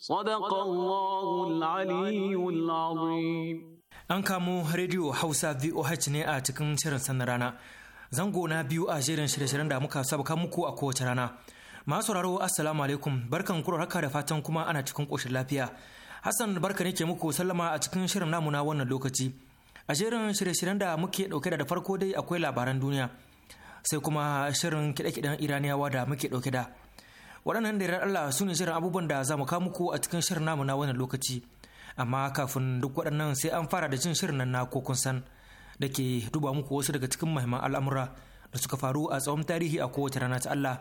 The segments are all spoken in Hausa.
صدق الله العلي العظيم An kamo rediyo Hausa VOH ne a cikin shirin sannan rana. Zango na biyu a jerin shirye-shiryen da muka sabuka muku a kowace rana. Masu sauraro Assalamu alaikum barkan kuro haka da fatan kuma ana cikin ƙoshin lafiya. Hassan barka ne ke muku sallama a cikin shirin namu wannan lokaci. A jerin shirye-shiryen da muke ɗauke da farko dai akwai labaran duniya. Sai kuma shirin kiɗe-kiɗen Iraniyawa da muke ɗauke da. waɗannan da Allah su ne shirin abubuwan da za mu kawo muku a cikin shirin namu na wannan lokaci amma kafin duk waɗannan sai an fara da jin shirin nan na kokon san da ke duba muku wasu daga cikin mahimman al'amura da suka faru a tsawon tarihi a kowace rana ta Allah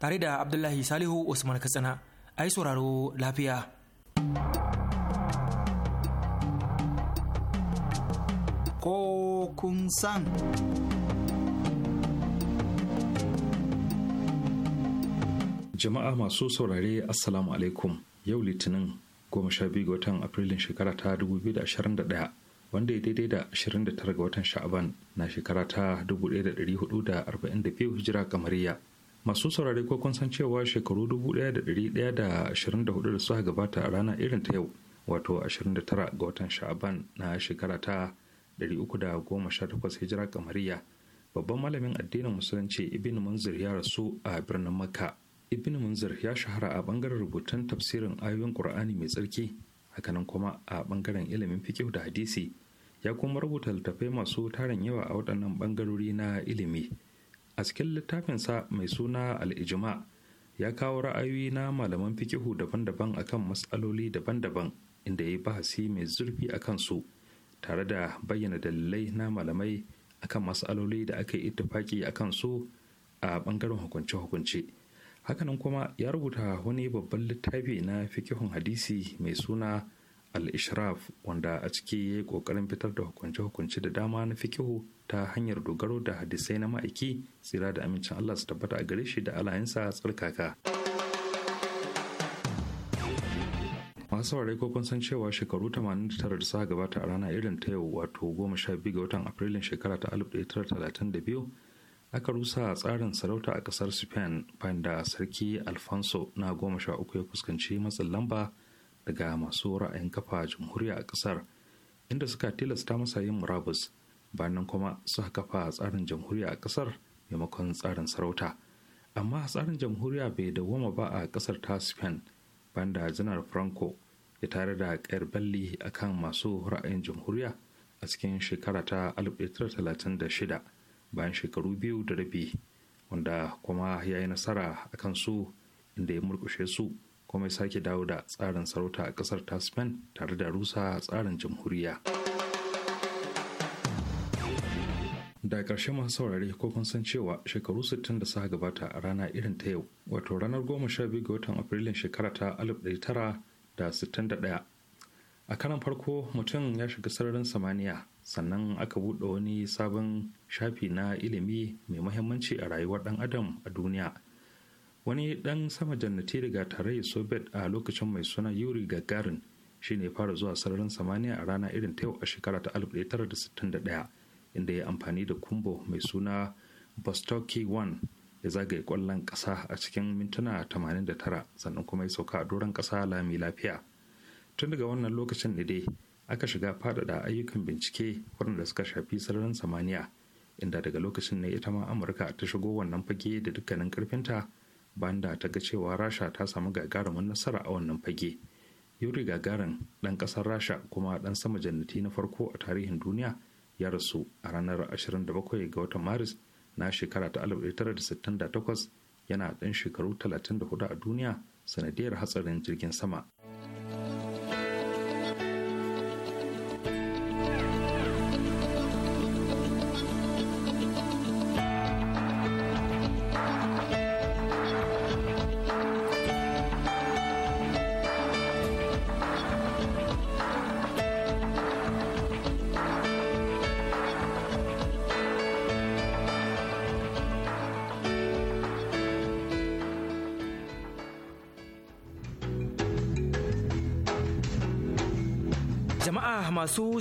tare da Abdullahi Salihu Usman Katsina ai sauraro lafiya. Kokun san. jama'a masu saurare assalamu alaikum yau litinin goma sha biyu ga watan afrilun shekara ta 2021 wanda ya daidai da 29 ga watan sha'aban na shekara ta 1442 hijira kamariya masu saurare ko kun san cewa shekaru 1124 da suka gabata a rana irin ta yau wato 29 ga watan sha'aban na shekara ta 318 hijira kamariya babban malamin addinin musulunci ibn munzir ya rasu a birnin makka ibn munzir ya shahara a bangaren rubutun tafsirin ayoyin qur'ani mai tsarki hakanan kuma a bangaren ilimin fiqh da hadisi ya kuma rubuta littattafai masu tarin yawa a waɗannan bangarori na ilimi a cikin littafinsa mai suna al al'ijima ya kawo ra'ayoyi na malaman fikihu daban-daban akan matsaloli daban-daban inda ya yi bahasi mai zurfi a kansu tare da bayyana dalilai na malamai akan matsaloli da aka yi ittifaki a kansu a bangaren hukunce-hukunce hakanan kuma ya rubuta wani babban littafi na fikihun hadisi mai suna al-ishraf wanda a ciki ya yi kokarin fitar da hukunce-hukunce da dama na fikihu ta hanyar dogaro da hadisai na ma'aiki tsira da amincin allah su tabbata a gare shi da alayensa tsarkaka masu saurari ko kun san cewa shekaru 89 da suka gabata a rana irin ta yau wato 12 ga watan afrilun shekara ta 1932 aka rusa tsarin sarauta a kasar spain banda sarki alfonso na goma sha uku ya fuskanci matsin lamba daga masu ra'ayin kafa jamhuriya a kasar inda suka tilasta masa yin murabus bayan kuma suka kafa tsarin jamhuriya a kasar maimakon tsarin sarauta amma tsarin jamhuriya bai dawwama ba a kasar ta spain banda janar franco ya tare da kayar belli kan masu ra'ayin jamhuriya a cikin shekara ta 1936 bayan shekaru biyu da rabi wanda kuma ya yi nasara a kan su inda ya murkushe su kuma ya sake dawo da tsarin sarauta a kasar ta spain tare da rusa tsarin jamhuriya da ƙarshe masu saurari ko kun san cewa shekaru 60 da suka gabata a rana irin ta yau wato ranar 12 ga watan afrilun shekara ta 1961 a karan farko mutum ya shiga sararin samaniya sannan aka buɗe wani sabon shafi na ilimi mai mahimmanci a rayuwar ɗan adam a duniya wani ɗan sama jannati daga tarayyar soviet a lokacin mai suna yuri gagarin shine fara zuwa sararin samaniya a rana irin ta yau a shekara ta 1961 inda ya amfani da kumbo mai suna bostoki 1 ya zagaye kwallon ƙasa a cikin mintuna 89 sannan kuma ya sauka a doron ƙasa lami lafiya tun daga wannan lokacin ne dai aka shiga faɗaɗa ayyukan bincike waɗanda suka shafi sararin samaniya inda daga lokacin ne ita ma amurka ta shigo wannan fage da dukkanin ƙarfinta bayan da ta ga cewa rasha ta samu gagarumin nasara a wannan fage yuri gagarin ɗan ƙasar rasha kuma ɗan sama jannati na farko a tarihin duniya ya rasu a ranar 27 ga watan maris na shekara ta 1968 yana ɗan shekaru 34 a duniya sanadiyar hatsarin jirgin sama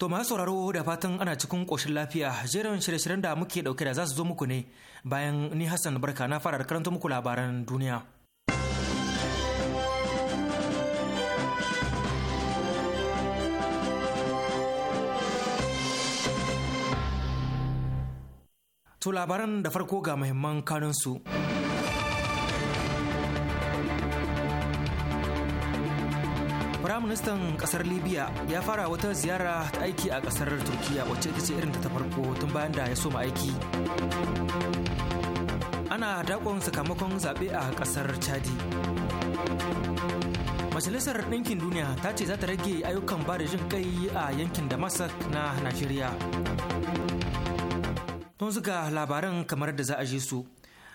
To masu sauraro da fatan ana cikin ƙoshin lafiya jerin shirye-shiryen da muke ɗauke da za su zo muku ne bayan ni Hassan Barka na fara karanta muku labaran duniya. To labaran da farko ga muhimman kanunsu. su. ministan kasar Libya ya fara wata ziyara ta aiki a kasar Turkiya wacce ta ce irin ta farko tun bayan da ya soma aiki. Ana dakon sakamakon zaɓe a kasar Chadi. Majalisar Ɗinkin Duniya ta ce za ta rage ayyukan ba da jin kai a yankin Damasak na Najeriya. Tun zuga labaran kamar da za a ji su.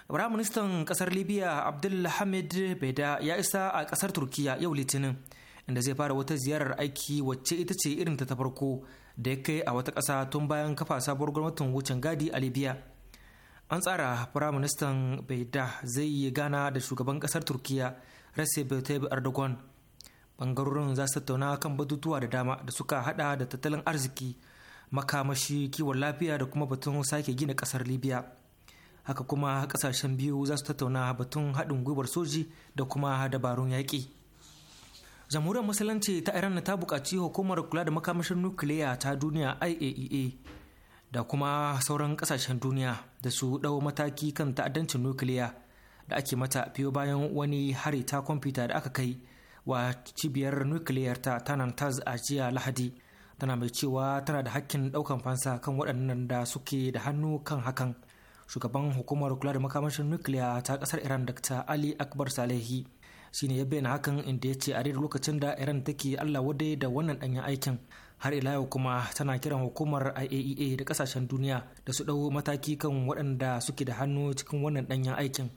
Firaministan kasar Libya Abdulhamid Beda ya isa a kasar Turkiya yau Litinin. inda zai fara wata ziyarar aiki wacce ita ce irin ta farko da ya kai a wata ƙasa tun bayan kafa sabuwar gwamnatin wucin gadi a libya an tsara firaministan baida zai yi gana da shugaban ƙasar turkiya recep tayyip erdogan bangarorin za su tattauna kan batutuwa da dama da suka hada da tattalin arziki makamashi kiwon lafiya da kuma batun sake gina ƙasar libya haka kuma ƙasashen biyu za su tattauna batun haɗin gwiwar soji da kuma dabarun yaƙi jamhuriyar musulunci ta iran ta bukaci hukumar kula da makamashin nukiliya ta duniya iaea e da kuma sauran ƙasashen duniya da su ɗau mataki kan ta'addancin nukiliya da ake mata fiye bayan wani hari ta kwamfuta da aka kai wa cibiyar nukiliyar ta tas a jiya lahadi tana mai cewa tana da hakkin ɗaukan fansa kan waɗannan da suke da hannu kan hakan shugaban hukumar kula da makamashin nukiliya ta ƙasar iran dr ali akbar salehi shine ya bayyana hakan inda ya ce a daidai lokacin da iran take allah wadai da wannan danyen aikin har ila yau kuma tana kiran hukumar iaea e da kasashen duniya da su dau mataki kan waɗanda suke da hannu cikin wannan danyen aikin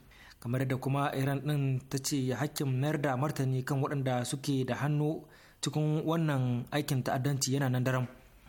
kamar da kuma iran ɗin ta ce hakkin mayar da martani kan waɗanda suke da hannu cikin wannan aikin ta'addanci yana nan daram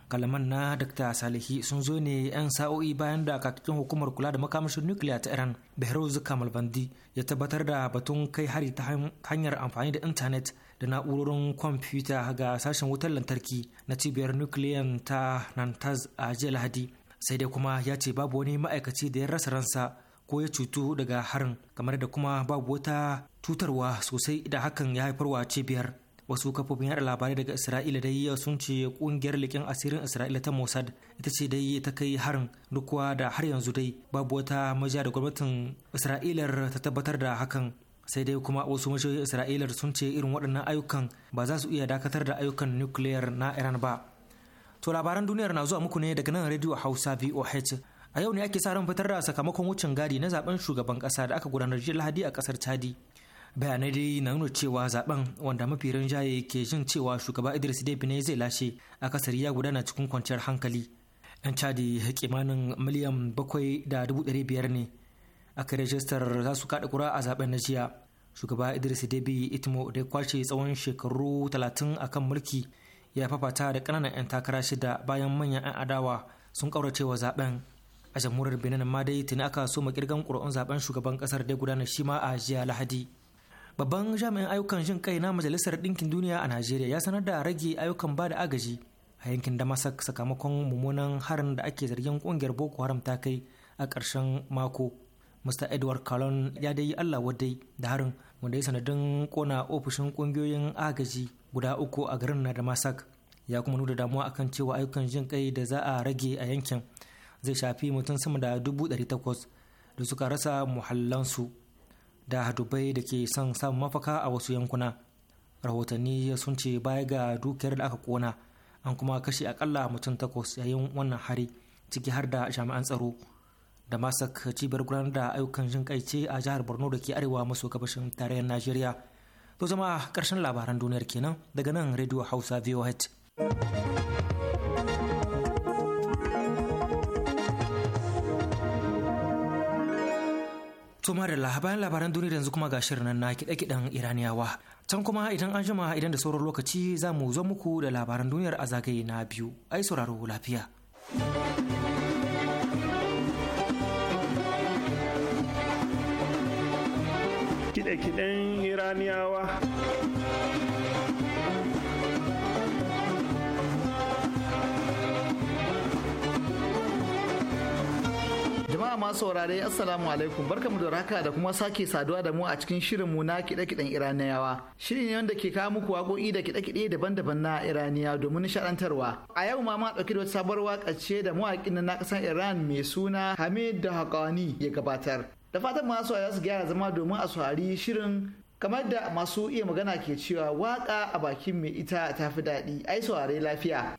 kalaman na dr salihi sun zo ne 'yan sa'o'i bayan da kakakin hukumar kula da makamashin nukiliya ta iran behrouz kamalbandi ya tabbatar da batun kai hari ta hanyar amfani da intanet da na'urorin kwamfuta ga sashen wutar lantarki na cibiyar nukiliya ta nantaz a jiya lahadi sai dai kuma ya ce babu wani ma'aikaci da ya rasa ransa ko ya cutu daga harin kamar da kuma babu wata tutarwa sosai da hakan ya haifarwa cibiyar wasu kafofin yaɗa labarai daga isra'ila dai sun ce kungiyar likin asirin isra'ila ta mossad ita ce dai ta kai harin dukwa da har yanzu dai babu wata majiya da gwamnatin isra'ilar ta tabbatar da hakan sai dai kuma wasu mashoyin isra'ilar sun ce irin waɗannan ayyukan ba za su iya dakatar da ayyukan nukiliyar na iran ba to labaran duniyar na zuwa muku ne daga nan radio hausa voh a yau ne ake sa ran fitar da sakamakon wucin gadi na zaben shugaban kasa da aka gudanar jiya lahadi a kasar chadi bayanai dai na nuna cewa zaben wanda mafi rinjaye ke jin cewa shugaba idris dai ne zai lashe a kasar ya gudana cikin kwanciyar hankali yan cadi kimanin miliyan bakwai da dubu ɗari biyar ne aka rajistar za su kaɗa kura a zaben na jiya shugaba idris debi itmo da ya kwace tsawon shekaru talatin a kan mulki ya fafata da ƙananan 'yan takara shida bayan manyan 'yan adawa sun ƙauracewa zaben a jamhuriyar benin ma dai tuni aka so ƙirgan ƙuri'un zaben shugaban ƙasar da gudana shi ma a jiya lahadi babban jami'in ayyukan jin kai na majalisar ɗinkin duniya a najeriya ya sanar da rage ayyukan ba da agaji a yankin damasak sakamakon mummunan harin da ake zargin kungiyar boko haram ta kai a ƙarshen mako mr edward calon ya dai allah wadai da harin wanda ya sanadin kona ofishin kungiyoyin agaji guda uku a garin na damasak ya kuma nuna damuwa akan cewa ayyukan jin kai da za a rage a yankin zai shafi mutum sama da dubu ɗari takwas da suka rasa muhallansu da hadubai da ke son samun mafaka a wasu yankuna rahotanni sun ce baya ga dukiyar da aka kona an kuma kashe akalla mutum takwas yayin wannan hari ciki har da jami'an tsaro da masak cibiyar gudanar da ayyukan jin ce a jihar borno da ke arewa maso gabashin tarayyar najeriya to zama karshen labaran duniyar kenan daga nan radio hausa voh To da bayan labaran duniya yanzu kuma ga shirin na kiɗe-kiɗen Iraniyawa. Can kuma idan an jima idan da sauran lokaci za mu zo muku da labaran duniyar a zagaye na biyu. Ai sauraro lafiya. Kiɗe-kiɗen Iraniyawa. masu saurare assalamu alaikum barkamu da raka da kuma sake saduwa da mu a cikin shirin mu na kiɗe-kiɗen iraniyawa shiri ne wanda ke kawo muku waƙoƙi da kiɗe-kiɗe daban-daban na iraniya domin nishaɗantarwa a yau ma ma ɗauki da wata sabuwar waƙa ce da mawaƙin na ƙasar iran mai suna hamid da haƙani ya gabatar da fatan masu za su gyara zama domin a saurari shirin kamar da masu iya magana ke cewa waƙa a bakin mai ita ta fi daɗi ai saurare lafiya.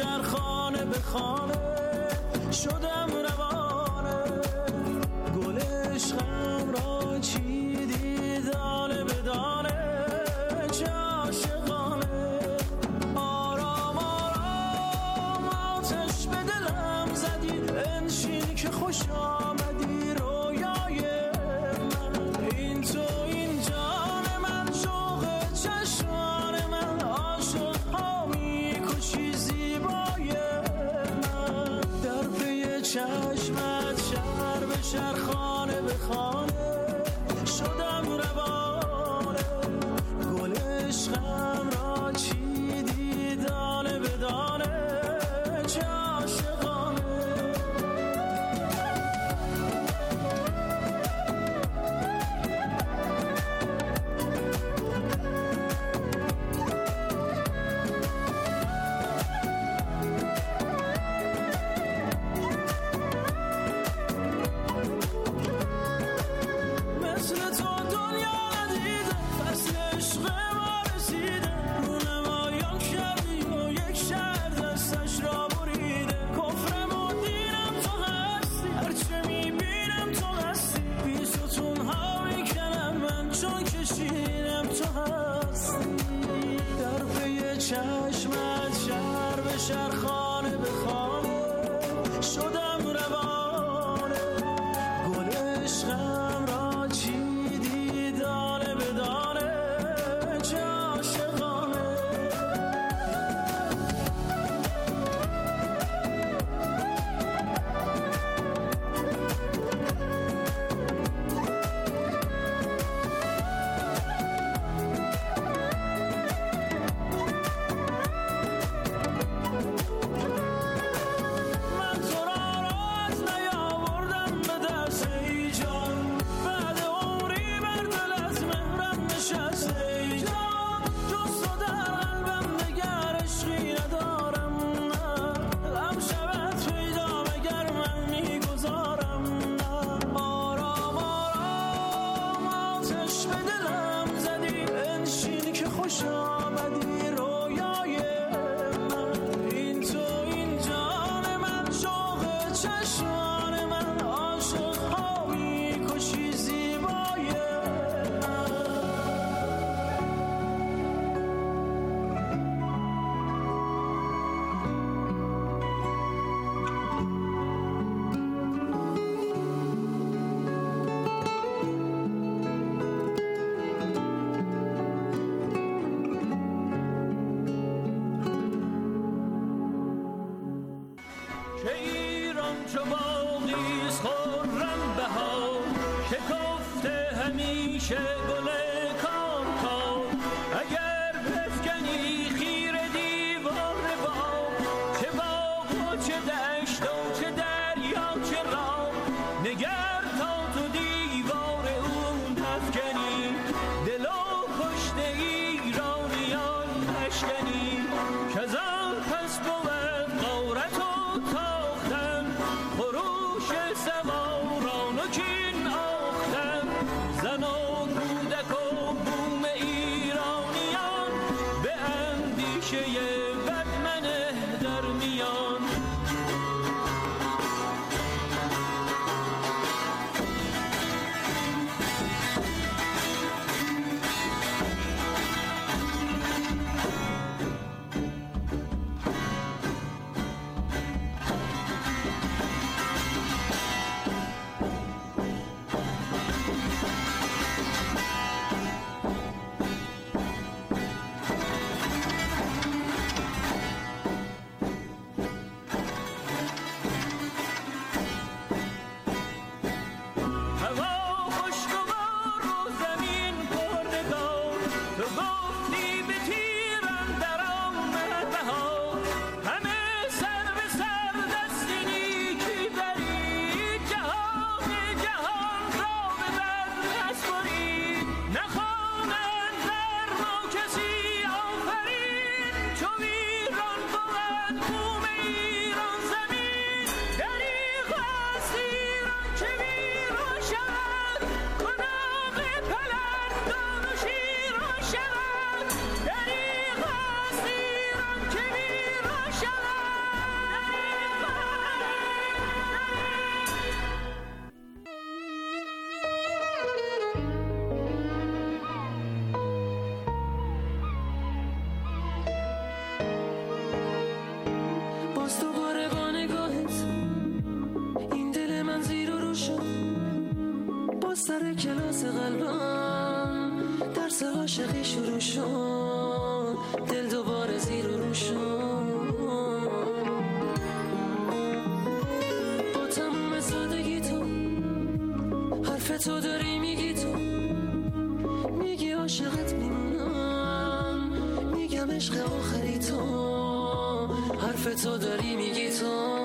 در خانه به خانه energy. عشق آخری تو حرف تو داری میگی تو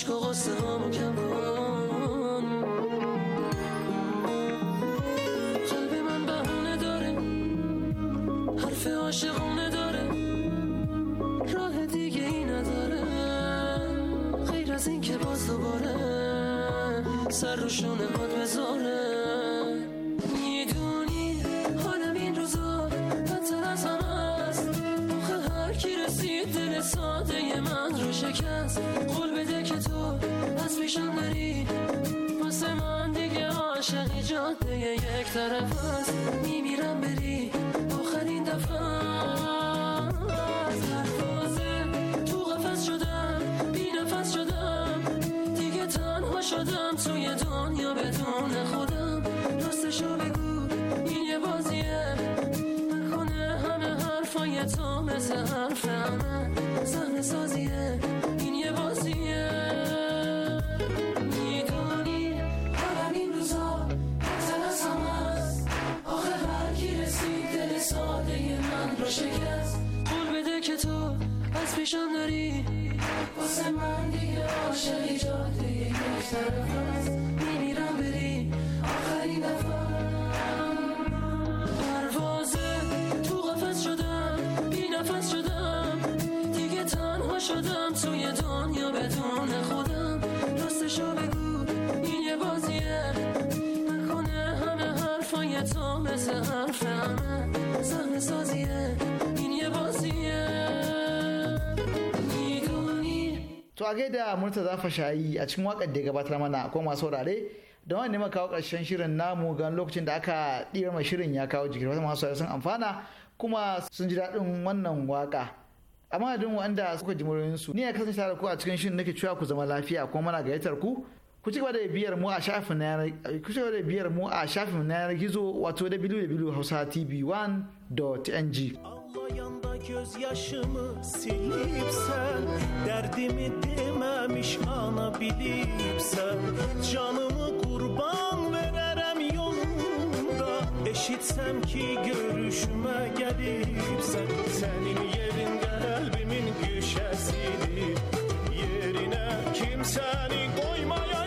عشق من بهونه داره حرف عاشقونه داره راه دیگه ای نداره غیر از این که باز دوباره سر رو هات بذاره میدونی حالم این روزا بدتر از همه است هر کی رسید دل ساده من رو شکست یک طرف میمیرم بری آخرین دفعه از حرفازه تو قفص شدم بی شدم دیگه تنها شدم توی دنیا بدون خودم راستشو بگو این یه بازیه نکنه همه حرفای تو مثل حرف همه سازیه دست پیشم داری واسه من دیگه عاشقی جاده یک طرفم da murta zafa shayi a cikin wakar da gabatar mana ko masu wurare da wani neman kawo karshen shirin namu gan lokacin da aka ɗira mai shirin ya kawo jikin wata masu sun amfana kuma sun ji daɗin wannan waka amma dun wanda suka ji su ni ya kasance tare ku a cikin shirin nake cewa ku zama lafiya kuma muna gayyatar ku ku cigaba da biyar mu a shafin na yanar ku cigaba da biyar mu a shafin na yanar gizo wato www.hausatv1.ng gözyaşımı silip sen Derdimi dememiş ana bilip sen Canımı kurban vererem yolunda Eşitsem ki görüşüme gelip sen Senin yerin kalbimin güşesidir Yerine kimseni koymaya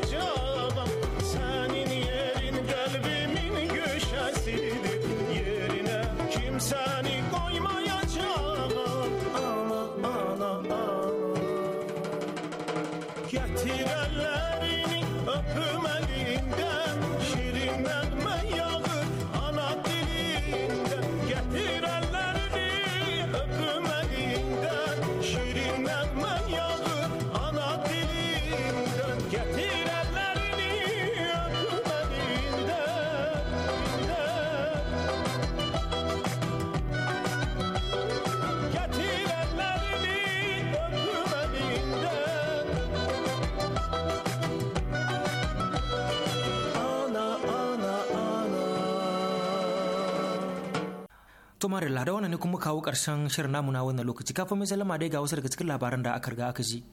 to la da wannan ne kuma kawo karshen shirin namu na wannan lokaci kafin mai sallama da ga wasu daga cikin labaran da aka riga aka ji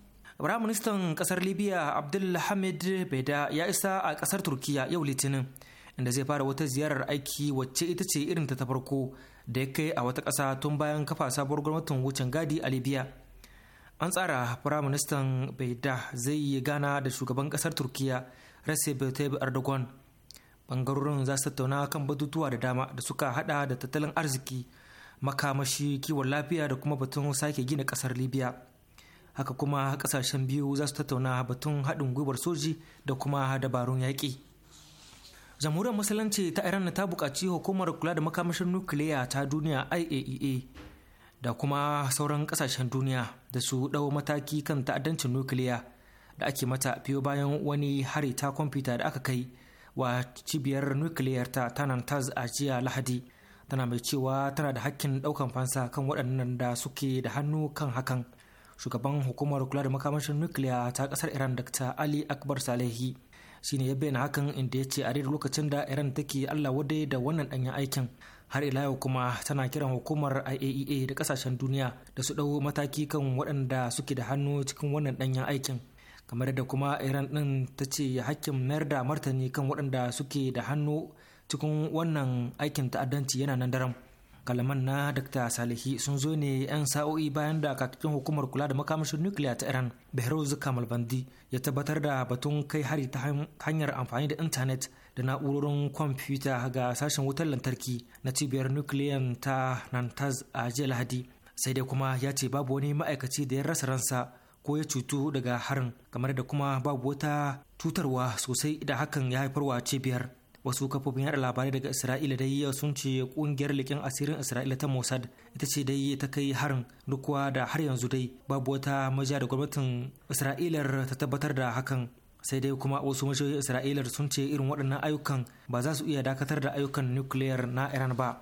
Firaministan kasar Libya abdul Hamid Beda ya isa a kasar Turkiya yau Litinin inda zai fara wata ziyarar aiki wacce ita ce irin ta farko da ya kai a wata kasa tun bayan kafa sabuwar gwamnatin wucin gadi a Libya. An tsara Firaministan Beda zai yi gana da shugaban kasar Turkiya Recep Tayyip Erdogan bangarorin za su tattauna kan batutuwa da dama da suka hada da tattalin arziki makamashi kiwon lafiya da kuma batun sake gina kasar libya haka kuma kasashen biyu za su tattauna batun haɗin gwiwar soji da kuma dabarun yaƙi jamhuriyar musulunci ta iran ta buƙaci hukumar kula da makamashin nukiliya ta duniya iaea e da kuma sauran kasashen duniya da su ɗau mataki kan ta'addancin nukiliya da ake mata biyo bayan wani hari ta kwamfuta da aka kai wa cibiyar nukiliyar ta tanantaz a jiya lahadi tana mai cewa tana da hakkin daukan fansa kan waɗannan da suke da hannu kan hakan shugaban hukumar kula da makamashin nukiliya ta ƙasar iran dr ali akbar salehi ne ya bayyana hakan inda ya ce a daidai lokacin da iran take allah wade da wannan ɗanyen aikin har ila yau kuma tana kiran hukumar iaea e da kasashen duniya da su ɗau mataki kan waɗanda suke da hannu cikin wannan ɗanyen aikin kamar da kuma iran din ta ce hakkin mayar da martani kan waɗanda suke da hannu cikin wannan aikin ta'addanci yana nan daram kalaman na dr salihi sun zo ne 'yan sa'o'i bayan da kakakin hukumar kula da makamashin nukiliya ta iran behrouz kamal bandi ya tabbatar da batun kai hari ta hanyar amfani da intanet da na'urorin kwamfuta ga sashen wutar lantarki na cibiyar nukiliyan ta nantaz a jiya lahadi sai dai kuma ya ce babu wani ma'aikaci da ya rasa ransa ko ya cutu daga harin kamar da kuma babu wata cutarwa sosai da hakan ya haifarwa cibiyar wasu kafofin yada labarai daga isra'ila dai sun ce kungiyar likin asirin isra'ila ta mossad ita ce dai ta kai harin duk da har yanzu dai babu wata maja da gwamnatin isra'ilar ta tabbatar da hakan sai dai kuma wasu majiyoyin isra'ilar sun ce irin waɗannan ayyukan ba za su iya dakatar da ayyukan nukiliyar na iran ba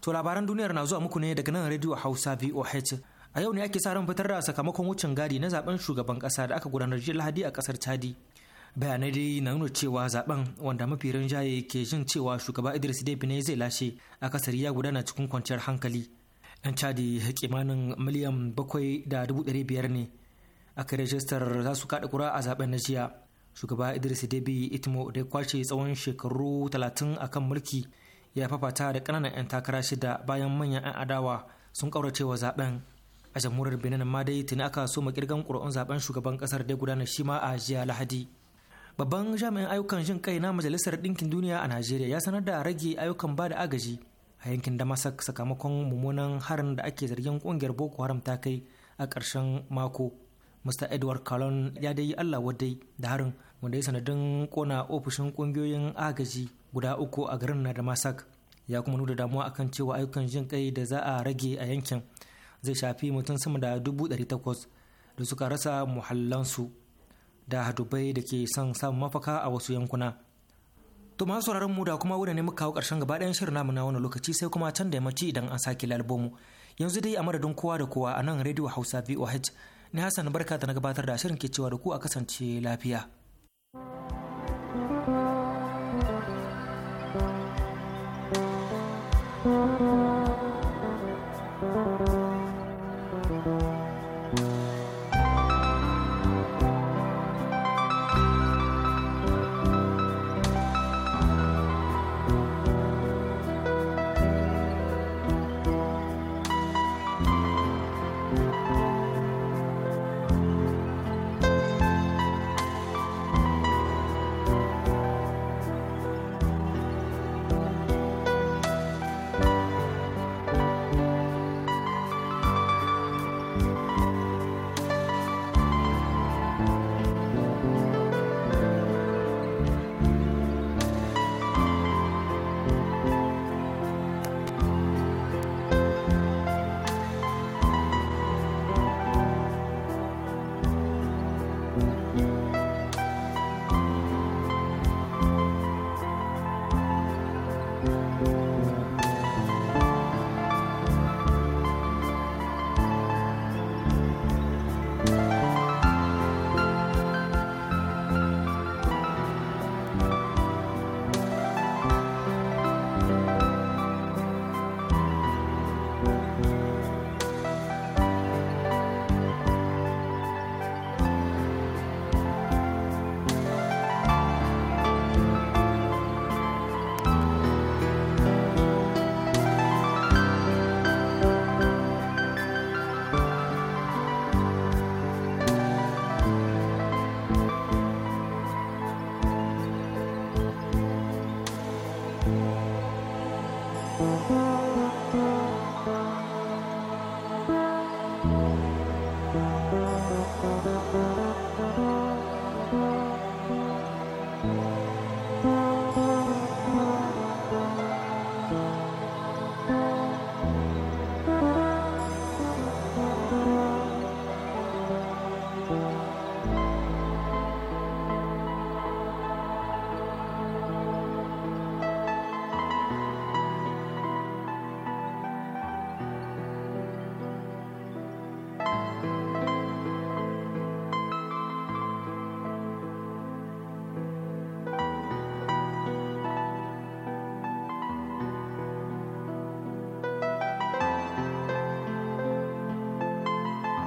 to labaran duniyar na zuwa muku ne daga nan radio hausa voh a yau ne ake sa ran fitar da sakamakon wucin gadi na zaben shugaban kasa da aka gudanar jiya lahadi a kasar chadi bayanai dai na nuna cewa zaben wanda mafi rinjaye ke jin cewa shugaba idris debi ne zai lashe a kasar ya gudana cikin kwanciyar hankali yan chadi kimanin miliyan bakwai da dubu ɗari biyar ne aka rajistar za su kaɗa kura a zaben na jiya shugaba idris debi itmo da ya kwace tsawon shekaru talatin a kan mulki ya fafata da ƙananan 'yan takara shida bayan manyan 'yan adawa sun kaurace wa zaben a jamhuriyar benin ma dai tuni aka so kirgan ƙuri'un zaben shugaban ƙasar da gudanar shi ma a jiya lahadi babban jami'in ayyukan jin kai na majalisar ɗinkin duniya a najeriya ya sanar da rage ayyukan ba da agaji a yankin damasak sakamakon mummunan harin da ake zargin ƙungiyar boko haram ta kai a ƙarshen mako mr edward kalon ya dai allah wadai da harin wanda ya sanadin kona ofishin ƙungiyoyin agaji guda uku a garin na damasak ya kuma nuna damuwa akan cewa ayyukan jin kai da za a rage a yankin zai shafi mutum sama da dubu ɗari takwas da suka rasa muhallansu da dubai da ke son samun mafaka a wasu yankuna to masu sauraron mu da kuma wurin ne muka kawo ƙarshen gaba ɗayan shirin namu na wani lokaci sai kuma can da yammaci idan an sake lalbomu yanzu dai a madadin kowa da kowa a nan rediyo hausa voh ne hassan barka da na gabatar da shirin ke cewa da ku a kasance lafiya.